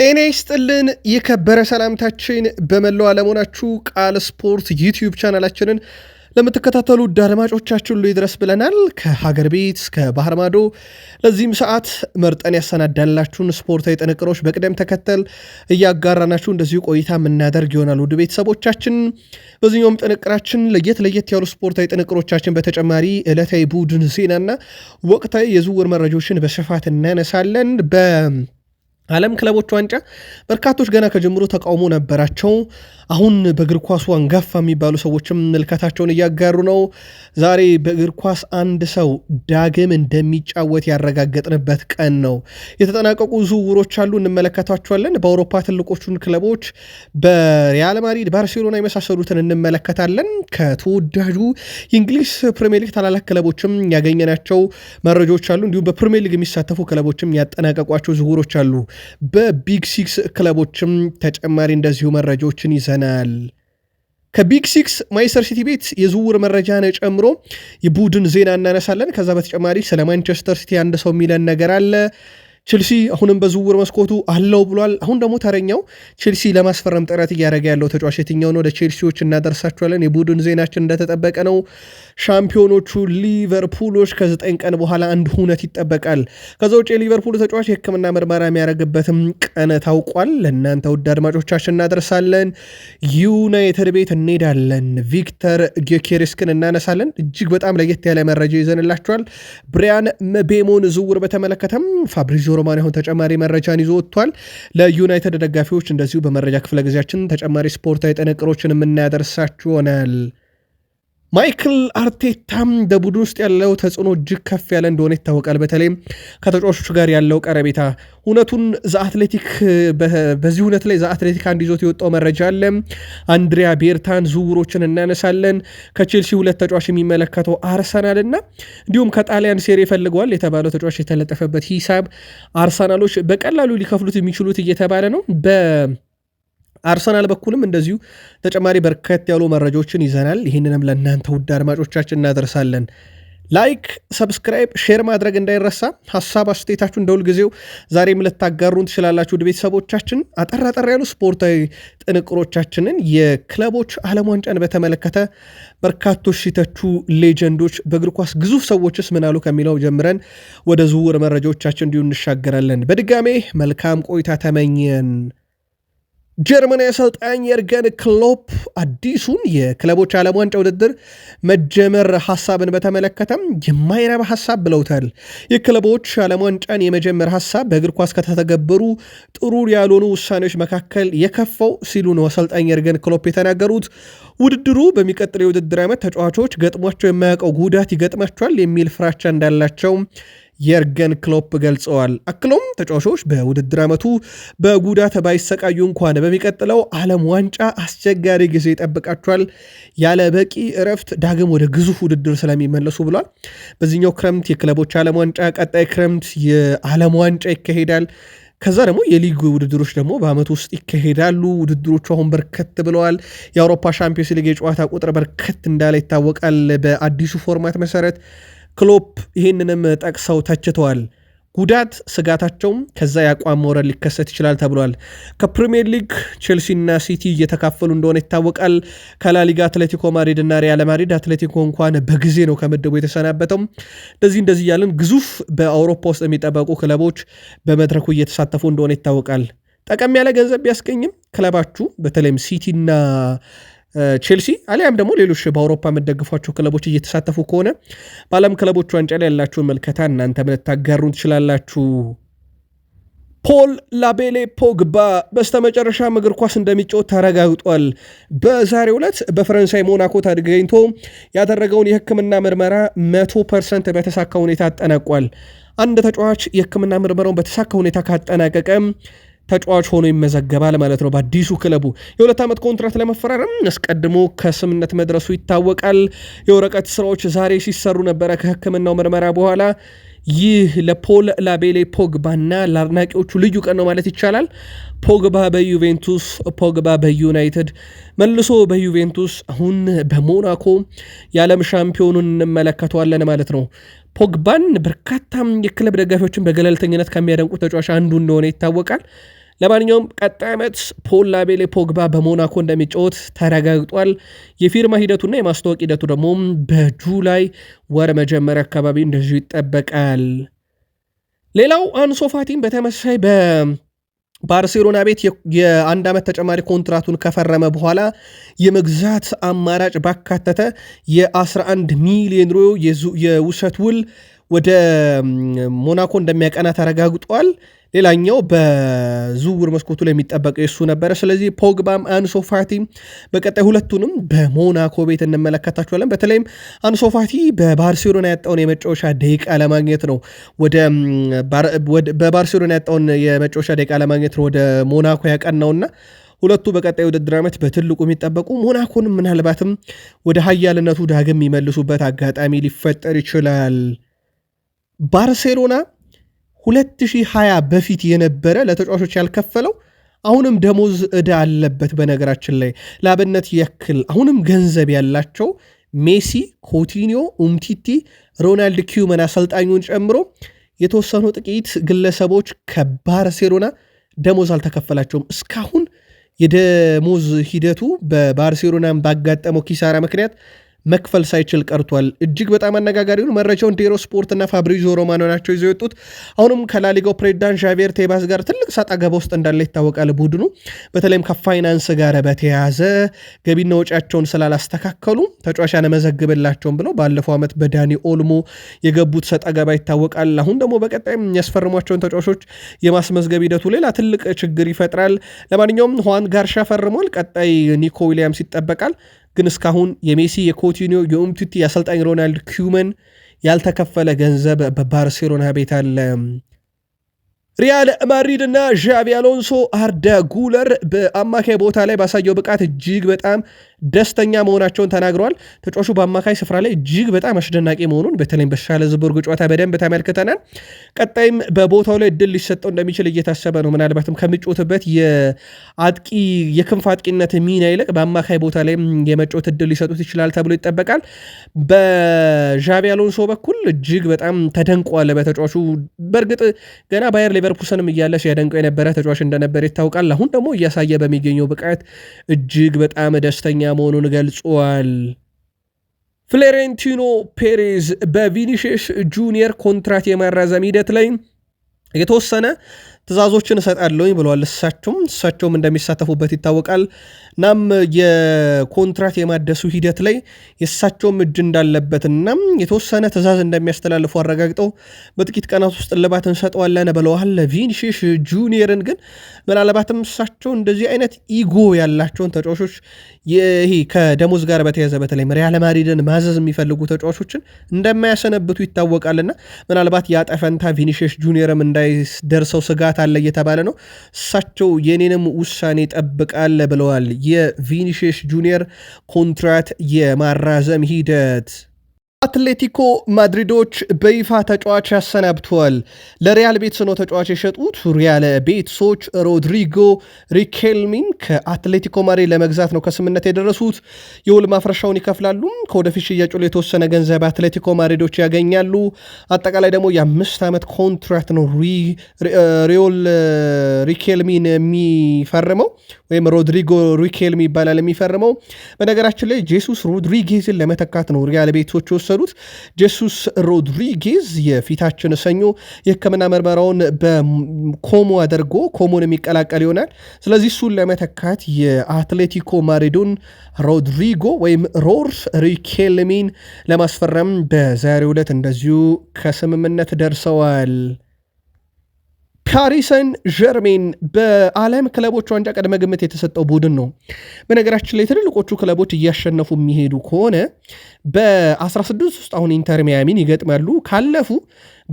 ጤና ይስጥልን የከበረ ሰላምታችን በመላው አለመሆናችሁ ቃል ስፖርት ዩቲዩብ ቻናላችንን ለምትከታተሉ ውድ አድማጮቻችን ሁሉ ይድረስ ብለናል። ከሀገር ቤት እስከ ባህር ማዶ ለዚህም ሰዓት መርጠን ያሰናዳላችሁን ስፖርታዊ ጥንቅሮች በቅደም ተከተል እያጋራናችሁ እንደዚሁ ቆይታ የምናደርግ ይሆናል። ውድ ቤተሰቦቻችን በዚህኛውም ጥንቅራችን ለየት ለየት ያሉ ስፖርታዊ ጥንቅሮቻችን በተጨማሪ ዕለታዊ ቡድን ዜናና ወቅታዊ የዝውውር መረጃዎችን በስፋት እናነሳለን በ ዓለም ክለቦች ዋንጫ በርካቶች ገና ከጀምሮ ተቃውሞ ነበራቸው። አሁን በእግር ኳሱ አንጋፋ የሚባሉ ሰዎችም ምልከታቸውን እያጋሩ ነው። ዛሬ በእግር ኳስ አንድ ሰው ዳግም እንደሚጫወት ያረጋገጥንበት ቀን ነው። የተጠናቀቁ ዝውውሮች አሉ፣ እንመለከታቸዋለን። በአውሮፓ ትልቆቹን ክለቦች በሪያል ማድሪድ፣ ባርሴሎና የመሳሰሉትን እንመለከታለን። ከተወዳጁ የእንግሊዝ ፕሪሚየር ሊግ ታላላቅ ክለቦችም ያገኘናቸው መረጃዎች አሉ። እንዲሁም በፕሪሚየር ሊግ የሚሳተፉ ክለቦችም ያጠናቀቋቸው ዝውውሮች አሉ። በቢግ ሲክስ ክለቦችም ተጨማሪ እንደዚሁ መረጃዎችን ይዘናል። ከቢግ ሲክስ ማይስተር ሲቲ ቤት የዝውውር መረጃን ጨምሮ የቡድን ዜና እናነሳለን። ከዛ በተጨማሪ ስለ ማንቸስተር ሲቲ አንድ ሰው የሚለን ነገር አለ። ቼልሲ አሁንም በዝውውር መስኮቱ አለው ብሏል። አሁን ደግሞ ተረኛው ቼልሲ ለማስፈረም ጥረት እያደረገ ያለው ተጫዋች የትኛው ነው? ወደ ቼልሲዎች እናደርሳችኋለን። የቡድን ዜናችን እንደተጠበቀ ነው። ሻምፒዮኖቹ ሊቨርፑሎች ከዘጠኝ ቀን በኋላ አንድ ሁነት ይጠበቃል። ከዛ ውጭ የሊቨርፑል ተጫዋች የሕክምና ምርመራ የሚያደርግበትም ቀን ታውቋል። ለእናንተ ውድ አድማጮቻችን እናደርሳለን። ዩናይትድ ቤት እንሄዳለን። ቪክተር ጊዮኬሬስን እናነሳለን። እጅግ በጣም ለየት ያለ መረጃ ይዘንላቸዋል። ብሪያን መቤሞን ዝውውር በተመለከተም ፋብሪዚዮ ሮማን ያሁን ተጨማሪ መረጃን ይዞ ወጥቷል። ለዩናይትድ ደጋፊዎች እንደዚሁ በመረጃ ክፍለ ጊዜያችን ተጨማሪ ስፖርታዊ ጥንቅሮችን የምናደርሳችሁ ይሆናል። ማይክል አርቴታም በቡድን ውስጥ ያለው ተጽዕኖ እጅግ ከፍ ያለ እንደሆነ ይታወቃል። በተለይም ከተጫዋቾቹ ጋር ያለው ቀረቤታ እውነቱን ዘአትሌቲክ በዚህ እውነት ላይ ዘአትሌቲክ አንድ ይዞት የወጣው መረጃ አለ። አንድሪያ ቤርታን ዝውውሮችን እናነሳለን። ከቼልሲ ሁለት ተጫዋች የሚመለከተው አርሰናል እና እንዲሁም ከጣሊያን ሴሪ ይፈልገዋል የተባለው ተጫዋች የተለጠፈበት ሂሳብ አርሰናሎች በቀላሉ ሊከፍሉት የሚችሉት እየተባለ ነው በ አርሰናል በኩልም እንደዚሁ ተጨማሪ በርከት ያሉ መረጃዎችን ይዘናል። ይህንንም ለእናንተ ውድ አድማጮቻችን እናደርሳለን። ላይክ፣ ሰብስክራይብ፣ ሼር ማድረግ እንዳይረሳ። ሀሳብ አስተያየታችሁ እንደ ሁልጊዜው ዛሬም ልታጋሩን ትችላላችሁ። ውድ ቤተሰቦቻችን አጠር አጠር ያሉ ስፖርታዊ ጥንቅሮቻችንን የክለቦች ዓለም ዋንጫን በተመለከተ በርካቶች ሲተቹ ሌጀንዶች፣ በእግር ኳስ ግዙፍ ሰዎችስ ምናሉ ከሚለው ጀምረን ወደ ዝውውር መረጃዎቻችን እንዲሁ እንሻገራለን። በድጋሜ መልካም ቆይታ ተመኘን። ጀርመን አሰልጣኝ የርገን ክሎፕ አዲሱን የክለቦች ዓለም ዋንጫ ውድድር መጀመር ሐሳብን በተመለከተም የማይረባ ሐሳብ ብለውታል። የክለቦች ዓለም ዋንጫን የመጀመር ሐሳብ በእግር ኳስ ከተተገበሩ ጥሩ ያልሆኑ ውሳኔዎች መካከል የከፋው ሲሉ ነው አሰልጣኝ የርገን ክሎፕ የተናገሩት። ውድድሩ በሚቀጥለው የውድድር ዓመት ተጫዋቾች ገጥሟቸው የማያውቀው ጉዳት ይገጥማቸዋል የሚል ፍራቻ እንዳላቸው የርገን ክሎፕ ገልጸዋል። አክሎም ተጫዋቾች በውድድር ዓመቱ በጉዳት ባይሰቃዩ እንኳን በሚቀጥለው ዓለም ዋንጫ አስቸጋሪ ጊዜ ይጠብቃቸዋል፣ ያለ በቂ እረፍት ዳግም ወደ ግዙፍ ውድድር ስለሚመለሱ ብሏል። በዚህኛው ክረምት የክለቦች ዓለም ዋንጫ፣ ቀጣይ ክረምት የዓለም ዋንጫ ይካሄዳል። ከዛ ደግሞ የሊግ ውድድሮች ደግሞ በዓመት ውስጥ ይካሄዳሉ። ውድድሮቹ አሁን በርከት ብለዋል። የአውሮፓ ሻምፒዮንስ ሊግ የጨዋታ ቁጥር በርከት እንዳለ ይታወቃል። በአዲሱ ፎርማት መሰረት ክሎፕ ይህንንም ጠቅሰው ተችተዋል። ጉዳት ስጋታቸውም ከዛ የአቋም መውረድ ሊከሰት ይችላል ተብሏል። ከፕሪምየር ሊግ ቼልሲና ሲቲ እየተካፈሉ እንደሆነ ይታወቃል። ከላሊጋ አትሌቲኮ ማድሪድና ሪያል ማድሪድ፣ አትሌቲኮ እንኳን በጊዜ ነው ከምድቡ የተሰናበተው። እንደዚህ እንደዚህ እያለን ግዙፍ በአውሮፓ ውስጥ የሚጠበቁ ክለቦች በመድረኩ እየተሳተፉ እንደሆነ ይታወቃል። ጠቀም ያለ ገንዘብ ቢያስገኝም ክለባችሁ በተለይም ሲቲና ቼልሲ አሊያም ደግሞ ሌሎች በአውሮፓ የምደግፏቸው ክለቦች እየተሳተፉ ከሆነ በዓለም ክለቦች ዋንጫ ላይ ያላችሁን መልከታ እናንተም ልታጋሩን ትችላላችሁ። ፖል ላቤሌ ፖግባ በስተመጨረሻም እግር ኳስ እንደሚጫወት ተረጋግጧል። በዛሬው ዕለት በፈረንሳይ ሞናኮ ተገኝቶ ያደረገውን የሕክምና ምርመራ መቶ ፐርሰንት በተሳካ ሁኔታ አጠናቋል። አንድ ተጫዋች የሕክምና ምርመራውን በተሳካ ሁኔታ ካጠናቀቀ ተጫዋች ሆኖ ይመዘገባል ማለት ነው። በአዲሱ ክለቡ የሁለት ዓመት ኮንትራት ለመፈራረም አስቀድሞ ከስምነት መድረሱ ይታወቃል። የወረቀት ስራዎች ዛሬ ሲሰሩ ነበረ ከሕክምናው ምርመራ በኋላ ይህ ለፖል ላቤሌ ፖግባና ለአድናቂዎቹ ልዩ ቀን ነው ማለት ይቻላል። ፖግባ በዩቬንቱስ፣ ፖግባ በዩናይትድ መልሶ በዩቬንቱስ አሁን በሞናኮ የዓለም ሻምፒዮኑን እንመለከተዋለን ማለት ነው። ፖግባን በርካታ የክለብ ደጋፊዎችን በገለልተኝነት ከሚያደንቁ ተጫዋች አንዱ እንደሆነ ይታወቃል። ለማንኛውም ቀጣይ ዓመት ፖል ላቤሌ ፖግባ በሞናኮ እንደሚጫወት ተረጋግጧል። የፊርማ ሂደቱና የማስታወቅ ሂደቱ ደግሞ በጁላይ ወር መጀመሪያ አካባቢ እንደዚሁ ይጠበቃል። ሌላው አንሶፋቲም በተመሳሳይ በተመሳሳይ ባርሴሎና ቤት የአንድ ዓመት ተጨማሪ ኮንትራቱን ከፈረመ በኋላ የመግዛት አማራጭ ባካተተ የ11 ሚሊዮን ዩሮ የውሰት ውል ወደ ሞናኮ እንደሚያቀና ተረጋግጧል። ሌላኛው በዝውውር መስኮቱ ላይ የሚጠበቅ የሱ ነበረ። ስለዚህ ፖግባም አንሶ በቀጣይ ሁለቱንም በሞናኮ ቤት እንመለከታቸዋለን። በተለይም አንሶ በባርሴሎና ያጣውን የመጫወቻ ደቂቃ ለማግኘት ነው ወደ በባርሴሎና ያጣውን የመጫወቻ ደቂቃ ለማግኘት ነው ወደ ሞናኮ ያቀናውና ሁለቱ በቀጣይ ውድድር ዓመት በትልቁ የሚጠበቁ ሞናኮን ምናልባትም ወደ ሀያልነቱ ዳግም የሚመልሱበት አጋጣሚ ሊፈጠር ይችላል። ባርሴሎና 2020 በፊት የነበረ ለተጫዋቾች ያልከፈለው አሁንም ደሞዝ ዕዳ አለበት። በነገራችን ላይ ለአብነት ያክል አሁንም ገንዘብ ያላቸው ሜሲ፣ ኮቲኒዮ፣ ኡምቲቲ፣ ሮናልድ ኪውመን አሰልጣኙን ጨምሮ የተወሰኑ ጥቂት ግለሰቦች ከባርሴሎና ደሞዝ አልተከፈላቸውም። እስካሁን የደሞዝ ሂደቱ በባርሴሎናም ባጋጠመው ኪሳራ ምክንያት መክፈል ሳይችል ቀርቷል። እጅግ በጣም አነጋጋሪውን መረጃውን ዴሮ ስፖርትና ፋብሪዞ ሮማኖ ናቸው ይዘው የወጡት። አሁንም ከላሊጋው ፕሬዚዳንት ዣቬር ቴባስ ጋር ትልቅ ሳጣ ገባ ውስጥ እንዳለ ይታወቃል። ቡድኑ በተለይም ከፋይናንስ ጋር በተያያዘ ገቢና ወጪያቸውን ስላላስተካከሉ ተጫዋች አነመዘግብላቸውም ብለው ባለፈው ዓመት በዳኒ ኦልሞ የገቡት ሰጣ ገባ ይታወቃል። አሁን ደግሞ በቀጣይም የሚያስፈርሟቸውን ተጫዋቾች የማስመዝገብ ሂደቱ ሌላ ትልቅ ችግር ይፈጥራል። ለማንኛውም ሁዋን ጋርሻ ፈርሟል። ቀጣይ ኒኮ ዊሊያምስ ይጠበቃል። ግን እስካሁን የሜሲ የኮቲኒዮ የኡምቲቲ የአሰልጣኝ ሮናልድ ኪውመን ያልተከፈለ ገንዘብ በባርሴሎና ቤት አለ። ሪያል ማድሪድ እና ዣቪ አሎንሶ አርዳ ጉለር በአማካይ ቦታ ላይ ባሳየው ብቃት እጅግ በጣም ደስተኛ መሆናቸውን ተናግረዋል። ተጫዋቹ በአማካይ ስፍራ ላይ እጅግ በጣም አስደናቂ መሆኑን በተለይም በሻልዝቡርግ ጨዋታ በደንብ ተመልክተናል። ቀጣይም በቦታው ላይ እድል ሊሰጠው እንደሚችል እየታሰበ ነው። ምናልባትም ከሚጮትበት የአጥቂ የክንፍ አጥቂነት ሚና ይልቅ በአማካይ ቦታ ላይ የመጮት እድል ሊሰጡት ይችላል ተብሎ ይጠበቃል። በዣቢ አሎንሶ በኩል እጅግ በጣም ተደንቋል በተጫዋቹ በእርግጥ ገና ባየር ሌቨርኩሰንም እያለ ሲያደንቀው የነበረ ተጫዋች እንደነበር ይታወቃል። አሁን ደግሞ እያሳየ በሚገኘው ብቃት እጅግ በጣም ደስተኛ መሆኑን ገልጿል። ፍሎሬንቲኖ ፔሬዝ በቪኒሽስ ጁኒየር ኮንትራት የማራዘም ሂደት ላይ የተወሰነ ትእዛዞችን እሰጣለሁኝ ብለዋል። እሳቸውም እሳቸውም እንደሚሳተፉበት ይታወቃል። እናም የኮንትራት የማደሱ ሂደት ላይ የእሳቸውም እጅ እንዳለበትና የተወሰነ ትእዛዝ እንደሚያስተላልፉ አረጋግጠው በጥቂት ቀናት ውስጥ እልባት እንሰጠዋለን ብለዋል። ቪኒሺሽ ጁኒየርን ግን ምናልባትም እሳቸው እንደዚህ አይነት ኢጎ ያላቸውን ተጫዋቾች ይሄ ከደሞዝ ጋር በተያዘ በተለይ ሪያል ማድሪድን ማዘዝ የሚፈልጉ ተጫዋቾችን እንደማያሰነብቱ ይታወቃልና ምናልባት ያጠፈንታ ቪኒሽሽ ጁኒየርም እንዳ ደርሰው ስጋት አለ እየተባለ ነው። እሳቸው የኔንም ውሳኔ ጠብቃለ ብለዋል። የቪኒሽስ ጁኒየር ኮንትራት የማራዘም ሂደት አትሌቲኮ ማድሪዶች በይፋ ተጫዋች ያሰናብተዋል። ለሪያል ቤትስ ነው ተጫዋች የሸጡት። ሪያል ቤትሶች ሮድሪጎ ሪኬልሚን ከአትሌቲኮ ማድሪድ ለመግዛት ነው ከስምነት የደረሱት። የውል ማፍረሻውን ይከፍላሉ። ከወደፊት ሽያጩ ላይ የተወሰነ ገንዘብ አትሌቲኮ ማድሪዶች ያገኛሉ። አጠቃላይ ደግሞ የአምስት ዓመት ኮንትራት ነው ሪዮል ሪኬልሚን የሚፈርመው ወይም ሮድሪጎ ሪኬልሚ ይባላል የሚፈርመው። በነገራችን ላይ ጄሱስ ሮድሪጌዝን ለመተካት ነው ሪያል ቤትሶች የመሳሰሉት። ጄሱስ ሮድሪጌዝ የፊታችን ሰኞ የሕክምና ምርመራውን በኮሞ አድርጎ ኮሞን የሚቀላቀል ይሆናል። ስለዚህ እሱን ለመተካት የአትሌቲኮ ማሪዶን ሮድሪጎ ወይም ሮር ሪኬልሚን ለማስፈረም በዛሬው ዕለት እንደዚሁ ከስምምነት ደርሰዋል። ፓሪሰን ጀርሜን በዓለም ክለቦች ዋንጫ ቅድመ ግምት የተሰጠው ቡድን ነው። በነገራችን ላይ ትልልቆቹ ክለቦች እያሸነፉ የሚሄዱ ከሆነ በ16 ውስጥ አሁን ኢንተር ሚያሚን ይገጥማሉ። ካለፉ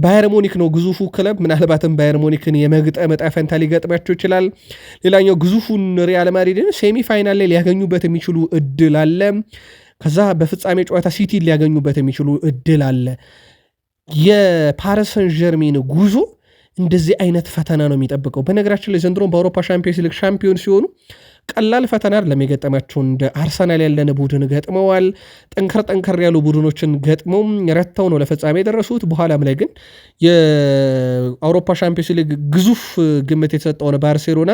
ባየር ሞኒክ ነው ግዙፉ ክለብ። ምናልባትም ባየር ሞኒክን የመግጠም ዕጣ ፈንታ ሊገጥማቸው ይችላል። ሌላኛው ግዙፉን ሪያል ማድሪድን ሴሚፋይናል ላይ ሊያገኙበት የሚችሉ እድል አለ። ከዛ በፍጻሜ ጨዋታ ሲቲን ሊያገኙበት የሚችሉ እድል አለ። የፓሪሰን ጀርሜን ጉዞ እንደዚህ አይነት ፈተና ነው የሚጠብቀው። በነገራችን ላይ ዘንድሮም በአውሮፓ ሻምፒዮንስ ሊግ ሻምፒዮን ሲሆኑ ቀላል ፈተና ለሚገጠማቸው እንደ አርሰናል ያለን ቡድን ገጥመዋል። ጠንከር ጠንከር ያሉ ቡድኖችን ገጥመው ረተው ነው ለፍጻሜ የደረሱት። በኋላም ላይ ግን የአውሮፓ ሻምፒዮንስ ሊግ ግዙፍ ግምት የተሰጠውን ባርሴሎና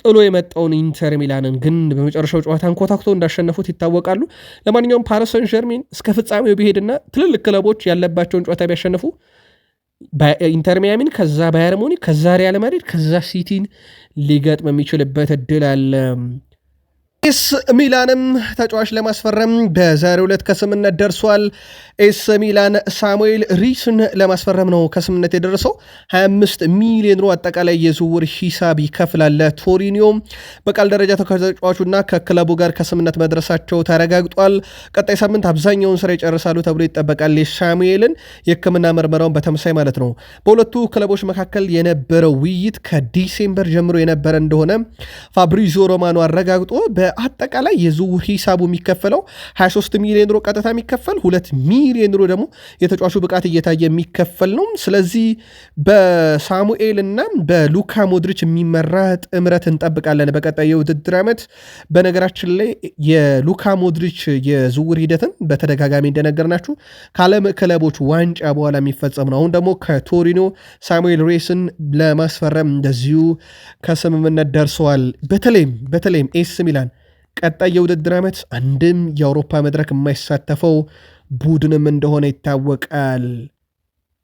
ጥሎ የመጣውን ኢንተር ሚላንን ግን በመጨረሻው ጨዋታ አንኮታኩቶ እንዳሸነፉት ይታወቃሉ። ለማንኛውም ፓሪስ ሰን እስከ ፍጻሜው ቢሄድና ትልልቅ ክለቦች ያለባቸውን ጨዋታ ቢያሸንፉ ኢንተር ሚያሚን፣ ከዛ ባየር ሙኒክ፣ ከዛ ሪያል ማድሪድ፣ ከዛ ሲቲን ሊገጥም የሚችልበት እድል አለ። ኤስ ሚላንም ተጫዋች ለማስፈረም በዛሬው ዕለት ከስምነት ደርሷል። ኤስ ሚላን ሳሙኤል ሪስን ለማስፈረም ነው ከስምነት የደረሰው 25 ሚሊዮን ዩሮ አጠቃላይ የዝውውር ሂሳብ ይከፍላል። ቶሪኒዮ በቃል ደረጃ ከተጫዋቹና ከክለቡ ጋር ከስምነት መድረሳቸው ተረጋግጧል። ቀጣይ ሳምንት አብዛኛውን ስራ ይጨርሳሉ ተብሎ ይጠበቃል። የሳሙኤልን የሕክምና ምርመራውን በተመሳይ ማለት ነው በሁለቱ ክለቦች መካከል የነበረው ውይይት ከዲሴምበር ጀምሮ የነበረ እንደሆነ ፋብሪዞ ሮማኖ አረጋግጦ አጠቃላይ የዝውውር ሂሳቡ የሚከፈለው 23 ሚሊዮን ዩሮ ቀጥታ የሚከፈል ሁለት ሚሊዮን ዩሮ ደግሞ የተጫዋቹ ብቃት እየታየ የሚከፈል ነው። ስለዚህ በሳሙኤል እና በሉካ ሞድሪች የሚመራ ጥምረት እንጠብቃለን በቀጣይ የውድድር ዓመት። በነገራችን ላይ የሉካ ሞድሪች የዝውውር ሂደትን በተደጋጋሚ እንደነገርናችሁ ከዓለም ክለቦች ዋንጫ በኋላ የሚፈጸም ነው። አሁን ደግሞ ከቶሪኖ ሳሙኤል ሬስን ለማስፈረም እንደዚሁ ከስምምነት ደርሰዋል። በተለይም በተለይም ኤስ ሚላን ቀጣይ የውድድር ዓመት አንድም የአውሮፓ መድረክ የማይሳተፈው ቡድንም እንደሆነ ይታወቃል።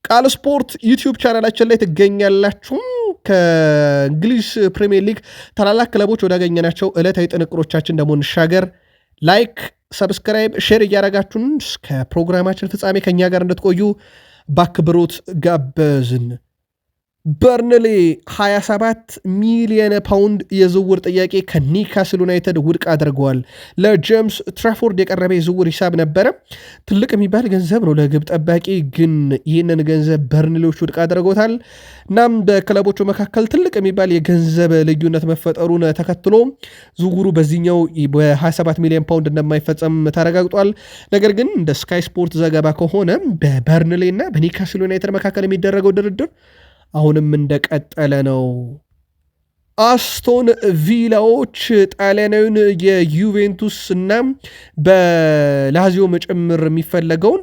ቃል ስፖርት ዩቲዩብ ቻናላችን ላይ ትገኛላችሁም። ከእንግሊዝ ፕሪምየር ሊግ ታላላቅ ክለቦች ወዳገኘናቸው ዕለታዊ ጥንቅሮቻችን ደግሞ እንሻገር። ላይክ፣ ሰብስክራይብ፣ ሼር እያረጋችሁን እስከ ፕሮግራማችን ፍጻሜ ከእኛ ጋር እንድትቆዩ በአክብሮት ጋበዝን። በርንሌ 27 ሚሊየን ፓውንድ የዝውውር ጥያቄ ከኒካስል ዩናይትድ ውድቅ አድርገዋል። ለጄምስ ትራፎርድ የቀረበ የዝውውር ሂሳብ ነበረ። ትልቅ የሚባል ገንዘብ ነው ለግብ ጠባቂ፣ ግን ይህንን ገንዘብ በርንሌዎች ውድቅ አድርጎታል። እናም በክለቦቹ መካከል ትልቅ የሚባል የገንዘብ ልዩነት መፈጠሩን ተከትሎ ዝውውሩ በዚህኛው በ27 ሚሊዮን ፓውንድ እንደማይፈጸም ተረጋግጧል። ነገር ግን እንደ ስካይ ስፖርት ዘገባ ከሆነ በበርንሌ እና በኒካስል ዩናይትድ መካከል የሚደረገው ድርድር አሁንም እንደቀጠለ ነው። አስቶን ቪላዎች ጣሊያናዊን የዩቬንቱስ እና በላዚዮ መጨምር የሚፈለገውን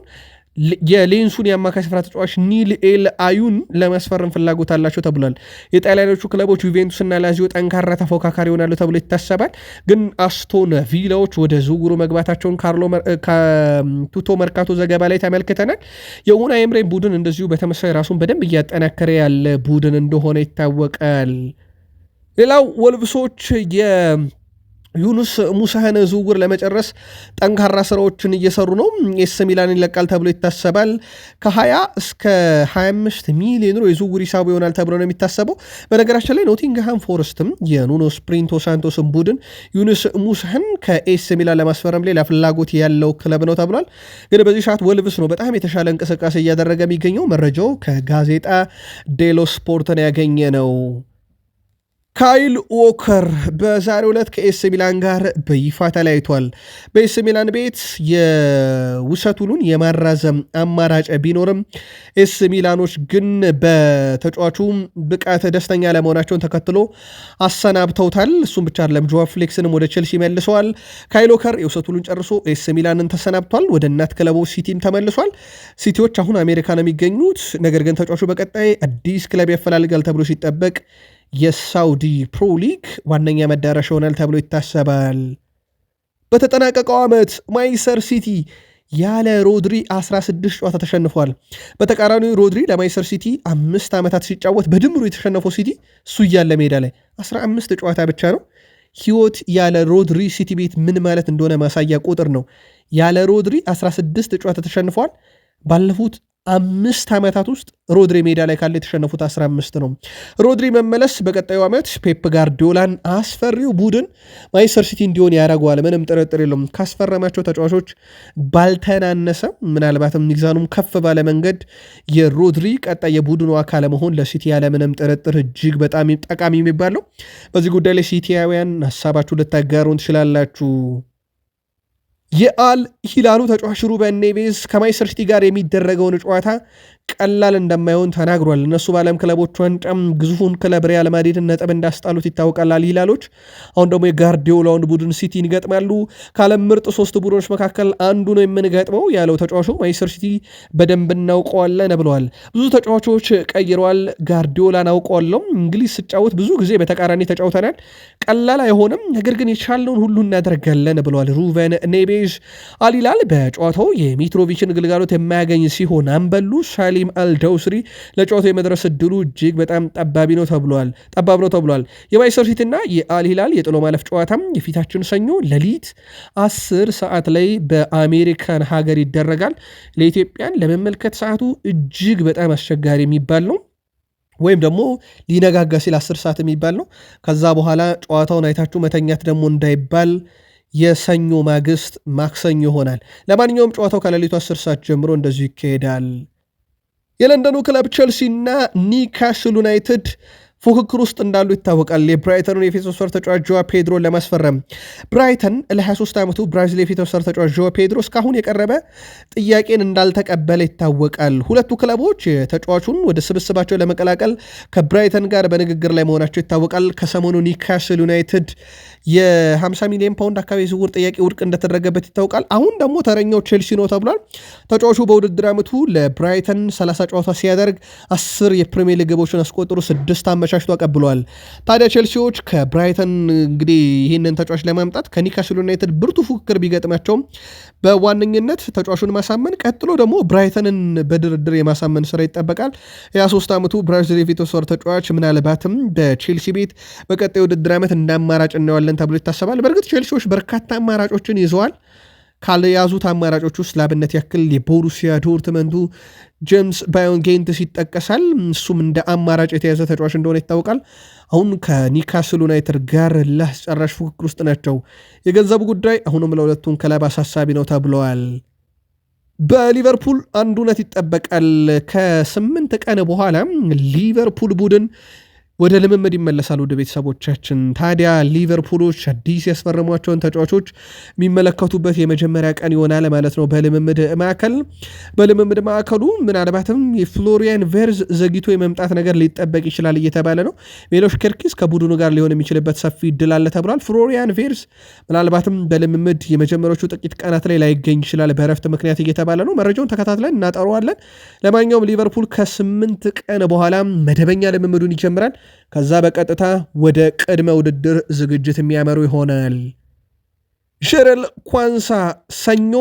የሌንሱን የአማካይ ስፍራ ተጫዋች ኒል ኤል አዩን ለማስፈረም ፍላጎት አላቸው ተብሏል። የጣሊያኖቹ ክለቦች ዩቬንቱስና ላዚዮ ጠንካራ ተፎካካሪ ይሆናሉ ተብሎ ይታሰባል። ግን አስቶን ቪላዎች ወደ ዝውውሩ መግባታቸውን ከቱቶ መርካቶ ዘገባ ላይ ተመልክተናል። የኡናይ ኤምሬን ቡድን እንደዚሁ በተመሳሳይ ራሱን በደንብ እያጠናከረ ያለ ቡድን እንደሆነ ይታወቃል። ሌላው ወልብሶች ዩኑስ ሙሳህን ዝውውር ለመጨረስ ጠንካራ ስራዎችን እየሰሩ ነው። ኤስ ሚላን ይለቃል ተብሎ ይታሰባል። ከ20 እስከ 25 ሚሊዮን ዩሮ የዝውውር ሂሳቡ ይሆናል ተብሎ ነው የሚታሰበው። በነገራችን ላይ ኖቲንግሃም ፎረስትም የኑኖ ስፕሪንቶ ሳንቶስን ቡድን ዩኑስ ሙሳህን ከኤስ ሚላን ለማስፈረም ሌላ ፍላጎት ያለው ክለብ ነው ተብሏል። ግን በዚህ ሰዓት ወልቭስ ነው በጣም የተሻለ እንቅስቃሴ እያደረገ የሚገኘው። መረጃው ከጋዜጣ ዴሎ ስፖርትን ያገኘ ነው። ካይል ዎከር በዛሬው ዕለት ከኤስ ሚላን ጋር በይፋ ተለያይቷል። በኤስ ሚላን ቤት የውሰት ውሉን የማራዘም አማራጭ ቢኖርም ኤስ ሚላኖች ግን በተጫዋቹ ብቃት ደስተኛ ለመሆናቸውን ተከትሎ አሰናብተውታል። እሱም ብቻ አይደለም፣ ጆዋ ፍሌክስንም ወደ ቼልሲ መልሰዋል። ካይል ዎከር የውሰት ውሉን ጨርሶ ኤስ ሚላንን ተሰናብቷል። ወደ እናት ክለቡ ሲቲም ተመልሷል። ሲቲዎች አሁን አሜሪካ ነው የሚገኙት። ነገር ግን ተጫዋቹ በቀጣይ አዲስ ክለብ ያፈላልጋል ተብሎ ሲጠበቅ የሳውዲ ፕሮ ሊግ ዋነኛ መዳረሻ ይሆናል ተብሎ ይታሰባል። በተጠናቀቀው ዓመት ማይሰር ሲቲ ያለ ሮድሪ 16 ጨዋታ ተሸንፏል። በተቃራኒ ሮድሪ ለማይሰር ሲቲ አምስት ዓመታት ሲጫወት በድምሩ የተሸነፈው ሲቲ እሱ እያለ ሜዳ ላይ 15 ጨዋታ ብቻ ነው። ህይወት ያለ ሮድሪ ሲቲ ቤት ምን ማለት እንደሆነ ማሳያ ቁጥር ነው። ያለ ሮድሪ 16 ጨዋታ ተሸንፏል። ባለፉት አምስት ዓመታት ውስጥ ሮድሪ ሜዳ ላይ ካለ የተሸነፉት 15 ነው። ሮድሪ መመለስ በቀጣዩ ዓመት ፔፕ ጋርዲዮላን አስፈሪው ቡድን ማይስተር ሲቲ እንዲሆን ያደርገዋል። ምንም ጥርጥር የለውም። ካስፈረማቸው ተጫዋቾች ባልተናነሰ ምናልባትም ሚዛኑም ከፍ ባለ መንገድ የሮድሪ ቀጣይ የቡድኑ አካል መሆን ለሲቲ ያለምንም ጥርጥር እጅግ በጣም ጠቃሚ የሚባለው። በዚህ ጉዳይ ላይ ሲቲያውያን ሀሳባችሁ ልታጋሩን ትችላላችሁ። የአል ሂላሉ ተጫዋች ሩበን ኔቬዝ ከማንቸስተር ሲቲ ጋር የሚደረገውን ጨዋታ ቀላል እንደማይሆን ተናግሯል። እነሱ በዓለም ክለቦች ዋንጫም ግዙፉን ክለብ ሪያል ማድሪድን ነጥብ እንዳስጣሉት ይታወቃል። አልሂላሎች አሁን ደግሞ የጋርዲዮላውን ቡድን ሲቲን ይገጥማሉ። ከዓለም ምርጥ ሶስት ቡድኖች መካከል አንዱ ነው የምንገጥመው ያለው ተጫዋቹ ማንቸስተር ሲቲ በደንብ እናውቀዋለን ብለዋል። ብዙ ተጫዋቾች ቀይረዋል። ጋርዲዮላን አውቀዋለሁ። እንግሊዝ ስጫወት ብዙ ጊዜ በተቃራኒ ተጫውተናል። ቀላል አይሆንም፣ ነገር ግን የቻለውን ሁሉ እናደርጋለን ብለዋል። ሩቨን ኔቤዥ አልሂላል በጨዋታው የሚትሮቪችን ግልጋሎት የማያገኝ ሲሆን አንበሉ ሰሊም አልደውስሪ ለጨዋታው የመድረስ እድሉ እጅግ በጣም ጠባቢ ነው ተብሏል ጠባብ ነው ተብሏል። የማይሰር ሲቲና የአልሂላል የጥሎ ማለፍ ጨዋታም የፊታችን ሰኞ ሌሊት አስር ሰዓት ላይ በአሜሪካን ሀገር ይደረጋል። ለኢትዮጵያን ለመመልከት ሰዓቱ እጅግ በጣም አስቸጋሪ የሚባል ነው ወይም ደግሞ ሊነጋጋ ሲል አስር ሰዓት የሚባል ነው። ከዛ በኋላ ጨዋታውን አይታችሁ መተኛት ደግሞ እንዳይባል የሰኞ ማግስት ማክሰኞ ይሆናል። ለማንኛውም ጨዋታው ከሌሊቱ አስር ሰዓት ጀምሮ እንደዚሁ ይካሄዳል። የለንደኑ ክለብ ቼልሲና ኒካስል ዩናይትድ ፉክክር ውስጥ እንዳሉ ይታወቃል። የብራይተኑን የፊት መስመር ተጫዋች ጆዋ ፔድሮ ለማስፈረም ብራይተን ለ23 ዓመቱ ብራዚል የፊት መስመር ተጫዋች ጆዋ ፔድሮ እስካሁን የቀረበ ጥያቄን እንዳልተቀበለ ይታወቃል። ሁለቱ ክለቦች ተጫዋቹን ወደ ስብስባቸው ለመቀላቀል ከብራይተን ጋር በንግግር ላይ መሆናቸው ይታወቃል። ከሰሞኑ ኒካስል ዩናይትድ የ50 ሚሊዮን ፓውንድ አካባቢ ዝውውር ጥያቄ ውድቅ እንደተደረገበት ይታወቃል። አሁን ደግሞ ተረኛው ቼልሲ ነው ተብሏል። ተጫዋቹ በውድድር ዓመቱ ለብራይተን 30 ጨዋታ ሲያደርግ 10 የፕሪሚየር ሊግ ግቦችን አስቆጥሮ 6 አመቻ አመቻችቶ አቀብለዋል። ታዲያ ቼልሲዎች ከብራይተን እንግዲህ ይህንን ተጫዋች ለማምጣት ከኒካስል ዩናይትድ ብርቱ ፉክክር ቢገጥማቸውም በዋነኝነት ተጫዋቹን ማሳመን፣ ቀጥሎ ደግሞ ብራይተንን በድርድር የማሳመን ስራ ይጠበቃል ያ ሶስት ዓመቱ ብራዚል የቪቶሰር ተጫዋች ምናልባትም በቼልሲ ቤት በቀጣይ ውድድር ዓመት እንደ አማራጭ እናየዋለን ተብሎ ይታሰባል። በእርግጥ ቼልሲዎች በርካታ አማራጮችን ይዘዋል። ካልያዙት አማራጮች ውስጥ ለአብነት ያክል የቦሩሲያ ጀምስ ባዮን ጌንትስ ይጠቀሳል። እሱም እንደ አማራጭ የተያዘ ተጫዋች እንደሆነ ይታወቃል። አሁን ከኒካስል ዩናይትድ ጋር ላስጨራሽ ፉክክር ውስጥ ናቸው። የገንዘቡ ጉዳይ አሁንም ለሁለቱን ክለብ አሳሳቢ ነው ተብለዋል። በሊቨርፑል አንድ እውነት ይጠበቃል። ከስምንት ቀን በኋላ ሊቨርፑል ቡድን ወደ ልምምድ ይመለሳል። ወደ ቤተሰቦቻችን ታዲያ ሊቨርፑሎች አዲስ ያስፈረሟቸውን ተጫዋቾች የሚመለከቱበት የመጀመሪያ ቀን ይሆናል ማለት ነው በልምምድ ማዕከል። በልምምድ ማዕከሉ ምናልባትም የፍሎሪያን ቬርዝ ዘግይቶ የመምጣት ነገር ሊጠበቅ ይችላል እየተባለ ነው። ሜሎሽ ኬርኪስ ከቡድኑ ጋር ሊሆን የሚችልበት ሰፊ እድል አለ ተብሏል። ፍሎሪያን ቬርዝ ምናልባትም በልምምድ የመጀመሪያዎቹ ጥቂት ቀናት ላይ ላይገኝ ይችላል በእረፍት ምክንያት እየተባለ ነው። መረጃውን ተከታትለን እናጠረዋለን። ለማንኛውም ሊቨርፑል ከስምንት ቀን በኋላ መደበኛ ልምምዱን ይጀምራል። ከዛ በቀጥታ ወደ ቅድመ ውድድር ዝግጅት የሚያመሩ ይሆናል። ሼረል ኳንሳ ሰኞ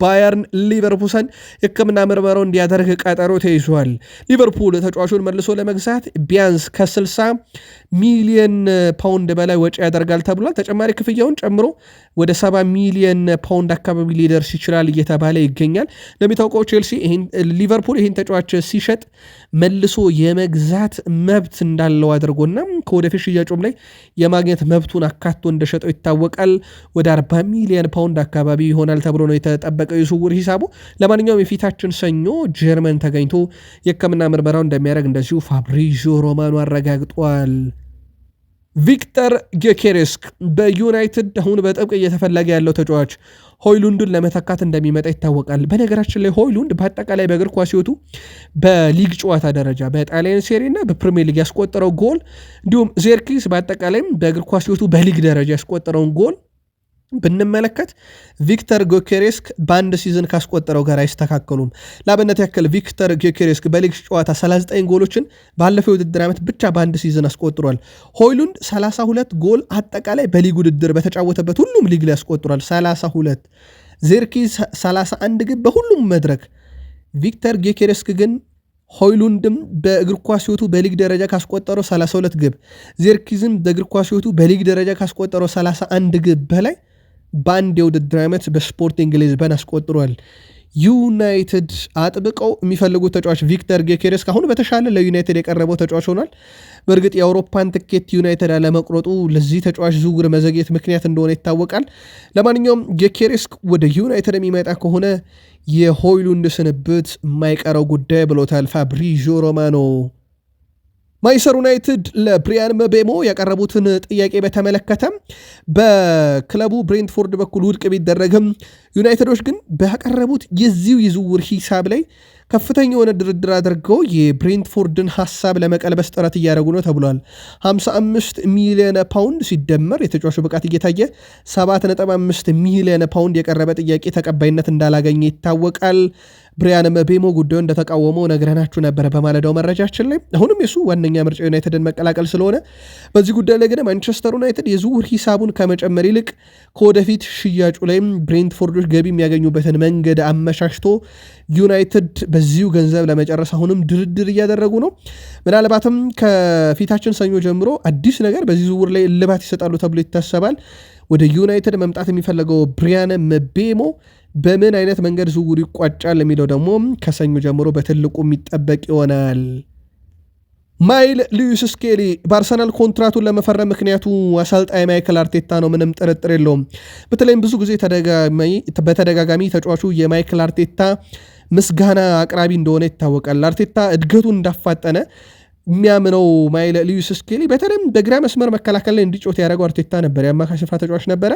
ባየርን ሊቨርፑልን ሕክምና ምርመራው እንዲያደርግ ቀጠሮ ተይዟል። ሊቨርፑል ተጫዋቹን መልሶ ለመግዛት ቢያንስ ከ60 ሚሊየን ፓውንድ በላይ ወጪ ያደርጋል ተብሏል። ተጨማሪ ክፍያውን ጨምሮ ወደ 70 ሚሊየን ፓውንድ አካባቢ ሊደርስ ይችላል እየተባለ ይገኛል። እንደሚታወቀው ቼልሲ ሊቨርፑል ይህን ተጫዋች ሲሸጥ መልሶ የመግዛት መብት እንዳለው አድርጎና ከወደፊት ሽያጩም ላይ የማግኘት መብቱን አካቶ እንደሸጠው ይታወቃል ወደ 170 ፓውንድ አካባቢ ይሆናል ተብሎ ነው የተጠበቀው የዝውውር ሂሳቡ። ለማንኛውም የፊታችን ሰኞ ጀርመን ተገኝቶ የሕክምና ምርመራው እንደሚያደርግ እንደዚሁ ፋብሪዞ ሮማኖ አረጋግጧል። ቪክተር ጌኬሬስክ በዩናይትድ አሁን በጥብቅ እየተፈለገ ያለው ተጫዋች ሆይሉንድን ለመተካት እንደሚመጣ ይታወቃል። በነገራችን ላይ ሆይሉንድ በአጠቃላይ በእግር ኳስ ሕይወቱ በሊግ ጨዋታ ደረጃ በጣሊያን ሴሪ እና በፕሪሚየር ሊግ ያስቆጠረው ጎል እንዲሁም ዜርኪስ በአጠቃላይም በእግር ኳስ ሕይወቱ በሊግ ደረጃ ያስቆጠረውን ጎል ብንመለከት ቪክተር ጎኬሬስክ በአንድ ሲዝን ካስቆጠረው ጋር አይስተካከሉም። ለአብነት ያክል ቪክተር ጎኬሬስክ በሊግ ጨዋታ 39 ጎሎችን ባለፈው የውድድር ዓመት ብቻ በአንድ ሲዝን አስቆጥሯል። ሆይሉንድ 32 ጎል አጠቃላይ በሊግ ውድድር በተጫወተበት ሁሉም ሊግ ላይ ያስቆጥሯል 32። ዜርኪ 31 ግብ በሁሉም መድረክ። ቪክተር ጌኬሬስክ ግን ሆይሉንድም በእግር ኳስ ሕይወቱ በሊግ ደረጃ ካስቆጠረው 32 ግብ፣ ዜርኪዝም በእግር ኳስ ሕይወቱ በሊግ ደረጃ ካስቆጠረው 31 ግብ በላይ በአንድ የውድድር ዓመት በስፖርቲንግ ሊዝበን አስቆጥሯል። ዩናይትድ አጥብቀው የሚፈልጉት ተጫዋች ቪክተር ጌኬሬስ ካሁኑ በተሻለ ለዩናይትድ የቀረበው ተጫዋች ሆኗል። በእርግጥ የአውሮፓን ትኬት ዩናይትድ አለመቁረጡ ለዚህ ተጫዋች ዝውውር መዘግየት ምክንያት እንደሆነ ይታወቃል። ለማንኛውም ጌኬሬስ ወደ ዩናይትድ የሚመጣ ከሆነ የሆይሉንድ ስንብት የማይቀረው ጉዳይ ብሎታል ፋብሪዞ ሮማኖ። ማንችስተር ዩናይትድ ለብሪያን መቤሞ ያቀረቡትን ጥያቄ በተመለከተም በክለቡ ብሬንትፎርድ በኩል ውድቅ ቢደረግም ዩናይትዶች ግን ባቀረቡት የዚሁ የዝውውር ሂሳብ ላይ ከፍተኛ የሆነ ድርድር አድርገው የብሬንትፎርድን ሀሳብ ለመቀልበስ ጥረት እያደረጉ ነው ተብሏል። 55 ሚሊዮን ፓውንድ ሲደመር የተጫዋቹ ብቃት እየታየ 7.5 ሚሊዮን ፓውንድ የቀረበ ጥያቄ ተቀባይነት እንዳላገኘ ይታወቃል። ብሪያን መቤሞ ጉዳዩ እንደተቃወመው ነግረናችሁ ነበረ በማለዳው መረጃችን ላይ። አሁንም የሱ ዋነኛ ምርጫ ዩናይትድን መቀላቀል ስለሆነ በዚህ ጉዳይ ላይ ግን ማንቸስተር ዩናይትድ የዝውውር ሂሳቡን ከመጨመር ይልቅ ከወደፊት ሽያጩ ላይም ብሬንትፎርዶች ገቢ የሚያገኙበትን መንገድ አመቻችቶ ዩናይትድ በዚሁ ገንዘብ ለመጨረስ አሁንም ድርድር እያደረጉ ነው። ምናልባትም ከፊታችን ሰኞ ጀምሮ አዲስ ነገር በዚህ ዝውውር ላይ እልባት ይሰጣሉ ተብሎ ይታሰባል። ወደ ዩናይትድ መምጣት የሚፈለገው ብሪያን መቤሞ በምን አይነት መንገድ ዝውር ይቋጫል የሚለው ደግሞ ከሰኞ ጀምሮ በትልቁ የሚጠበቅ ይሆናል። ማይል ሉዊስ ስኬሊ በአርሰናል ኮንትራቱን ለመፈረም ምክንያቱ አሰልጣኝ ማይክል አርቴታ ነው፣ ምንም ጥርጥር የለውም። በተለይም ብዙ ጊዜ በተደጋጋሚ ተጫዋቹ የማይክል አርቴታ ምስጋና አቅራቢ እንደሆነ ይታወቃል። አርቴታ እድገቱ እንዳፋጠነ የሚያምነው ማይለ ሊዩስ ስኬሊ በተለይም በግራ መስመር መከላከል ላይ እንዲጮት ያደረገው አርቴታ ነበር። የአማካይ ስፍራ ተጫዋች ነበረ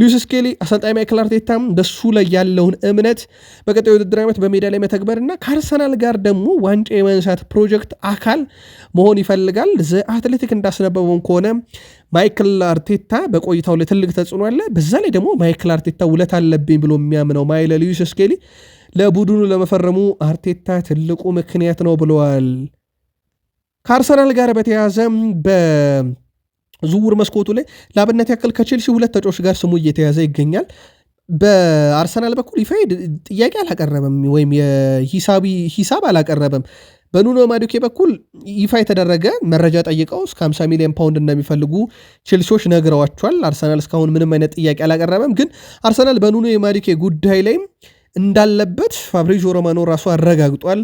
ሊዩስ ስኬሊ። አሰልጣኝ ማይክል አርቴታም በሱ ላይ ያለውን እምነት በቀጣዩ ውድድር ዓመት በሜዳ ላይ መተግበር እና ከአርሰናል ጋር ደግሞ ዋንጫ የመንሳት ፕሮጀክት አካል መሆን ይፈልጋል። ዘ አትሌቲክ እንዳስነበበውም ከሆነ ማይክል አርቴታ በቆይታው ላይ ትልቅ ተጽዕኖ አለ። በዛ ላይ ደግሞ ማይክል አርቴታ ውለት አለብኝ ብሎ የሚያምነው ማይለ ሊዩስ ስኬሊ ለቡድኑ ለመፈረሙ አርቴታ ትልቁ ምክንያት ነው ብለዋል። ከአርሰናል ጋር በተያያዘ በዝውውር መስኮቱ ላይ ለአብነት ያክል ከቼልሲ ሁለት ተጫዋቾች ጋር ስሙ እየተያዘ ይገኛል። በአርሰናል በኩል ይፋ ጥያቄ አላቀረበም ወይም ሂሳብ አላቀረበም። በኑኖ ማዱኬ በኩል ይፋ የተደረገ መረጃ ጠይቀው እስከ 50 ሚሊዮን ፓውንድ እንደሚፈልጉ ቼልሲዎች ነግረዋቸዋል። አርሰናል እስካሁን ምንም አይነት ጥያቄ አላቀረበም። ግን አርሰናል በኑኖ የማዱኬ ጉዳይ ላይም እንዳለበት ፋብሪዞ ሮማኖ ራሱ አረጋግጧል።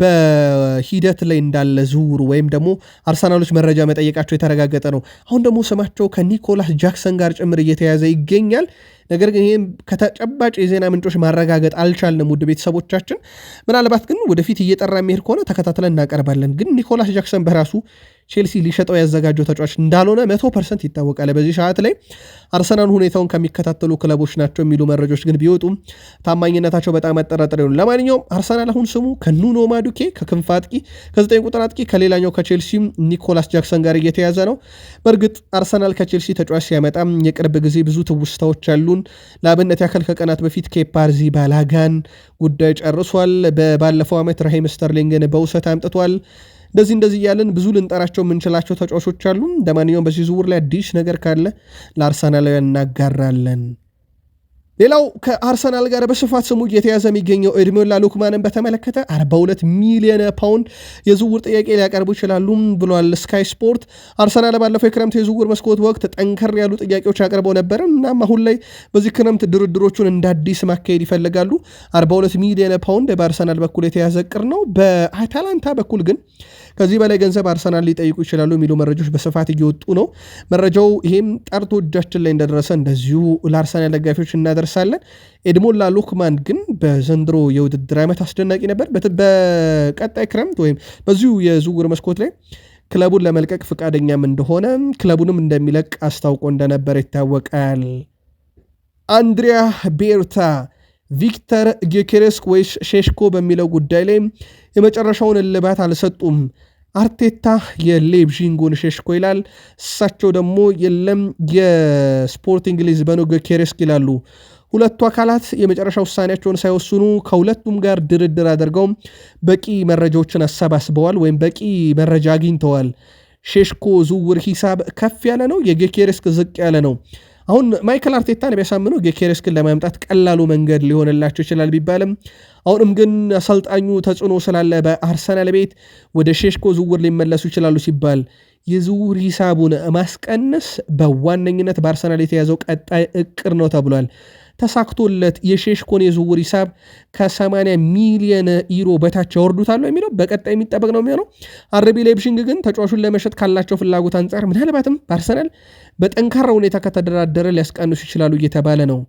በሂደት ላይ እንዳለ ዝውውሩ ወይም ደግሞ አርሰናሎች መረጃ መጠየቃቸው የተረጋገጠ ነው። አሁን ደግሞ ስማቸው ከኒኮላስ ጃክሰን ጋር ጭምር እየተያዘ ይገኛል። ነገር ግን ይህም ከተጨባጭ የዜና ምንጮች ማረጋገጥ አልቻልንም። ውድ ቤተሰቦቻችን፣ ምናልባት ግን ወደፊት እየጠራ የሚሄድ ከሆነ ተከታትለን እናቀርባለን። ግን ኒኮላስ ጃክሰን በራሱ ቼልሲ ሊሸጠው ያዘጋጀው ተጫዋች እንዳልሆነ መቶ ፐርሰንት ይታወቃል። በዚህ ሰዓት ላይ አርሰናል ሁኔታውን ከሚከታተሉ ክለቦች ናቸው የሚሉ መረጃዎች ግን ቢወጡም ታማኝነታቸው በጣም አጠራጣሪ ነው። ለማንኛውም አርሰናል አሁን ስሙ ከኑኖ ማዱኬ ከክንፍ አጥቂ፣ ከዘጠኝ ቁጥር አጥቂ ከሌላኛው ከቼልሲ ኒኮላስ ጃክሰን ጋር እየተያዘ ነው። በእርግጥ አርሰናል ከቼልሲ ተጫዋች ሲያመጣም የቅርብ ጊዜ ብዙ ትውስታዎች አሉን። ለአብነት ያክል ከቀናት በፊት ኬፓርዚ ባላጋን ጉዳይ ጨርሷል። ባለፈው ዓመት ራሂም ስተርሊንግን በውሰት አምጥቷል። እንደዚህ እንደዚህ እያለን ብዙ ልንጠራቸው የምንችላቸው ተጫዋቾች አሉ። እንደማንኛውም በዚህ ዝውውር ላይ አዲስ ነገር ካለ ለአርሰናላዊ እናጋራለን። ሌላው ከአርሰናል ጋር በስፋት ስሙ እየተያዘ የሚገኘው ኤድሚላ ሉክማንን በተመለከተ 42 ሚሊዮን ፓውንድ የዝውውር ጥያቄ ሊያቀርቡ ይችላሉ ብሏል ስካይ ስፖርት። አርሰናል ባለፈው የክረምት የዝውውር መስኮት ወቅት ጠንከር ያሉ ጥያቄዎች አቅርበው ነበር። እናም አሁን ላይ በዚህ ክረምት ድርድሮቹን እንደ አዲስ ማካሄድ ይፈልጋሉ። 42 ሚሊዮን ፓውንድ በአርሰናል በኩል የተያዘ ቅር ነው። በአታላንታ በኩል ግን ከዚህ በላይ ገንዘብ አርሰናል ሊጠይቁ ይችላሉ የሚሉ መረጃዎች በስፋት እየወጡ ነው። መረጃው ይህም ጠርቶ እጃችን ላይ እንደደረሰ እንደዚሁ ለአርሰናል ደጋፊዎች እናደርሳለን። ኤድሞላ ሉክማን ግን በዘንድሮ የውድድር ዓመት አስደናቂ ነበር። በቀጣይ ክረምት ወይም በዚሁ የዝውውር መስኮት ላይ ክለቡን ለመልቀቅ ፈቃደኛም እንደሆነ ክለቡንም እንደሚለቅ አስታውቆ እንደነበር ይታወቃል። አንድሪያ ቤርታ ቪክተር ጌኬሬስክ ወይስ ሼሽኮ በሚለው ጉዳይ ላይ የመጨረሻውን እልባት አልሰጡም። አርቴታ የሌብዥንጎን ሼሽኮ ይላል፣ እሳቸው ደግሞ የለም የስፖርቲንግ ሊዝበኑ ጊዮኬሬስክ ይላሉ። ሁለቱ አካላት የመጨረሻ ውሳኔያቸውን ሳይወስኑ ከሁለቱም ጋር ድርድር አድርገው በቂ መረጃዎችን አሰባስበዋል ወይም በቂ መረጃ አግኝተዋል። ሼሽኮ ዝውውር ሂሳብ ከፍ ያለ ነው፣ የጌኬሬስክ ዝቅ ያለ ነው። አሁን ማይክል አርቴታን ቢያሳምኑ ጌኬሬስክን ለማምጣት ቀላሉ መንገድ ሊሆንላቸው ይችላል ቢባልም አሁንም ግን አሰልጣኙ ተጽዕኖ ስላለ በአርሰናል ቤት ወደ ሼሽኮ ዝውውር ሊመለሱ ይችላሉ ሲባል የዝውውር ሂሳቡን ማስቀነስ በዋነኝነት በአርሰናል የተያዘው ቀጣይ እቅድ ነው ተብሏል። ተሳክቶለት የሼሽኮን የዝውውር ሂሳብ ከ80 ሚሊየን ዩሮ በታች ያወርዱታሉ የሚለው በቀጣይ የሚጠበቅ ነው የሚሆነው። አርቢ ላይፕዚግ ግን ተጫዋቹን ለመሸጥ ካላቸው ፍላጎት አንጻር ምናልባትም በአርሰናል በጠንካራ ሁኔታ ከተደራደረ ሊያስቀንሱ ይችላሉ እየተባለ ነው።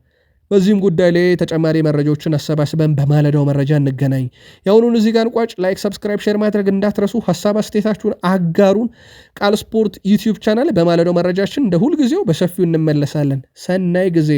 በዚህም ጉዳይ ላይ ተጨማሪ መረጃዎችን አሰባስበን በማለዳው መረጃ እንገናኝ። የአሁኑን እዚህ ጋር እንቋጭ። ላይክ፣ ሰብስክራይብ፣ ሼር ማድረግ እንዳትረሱ። ሀሳብ አስተያየታችሁን አጋሩን። ቃል ስፖርት ዩቲዩብ ቻናል በማለዳው መረጃችን እንደ ሁልጊዜው በሰፊው እንመለሳለን። ሰናይ ጊዜ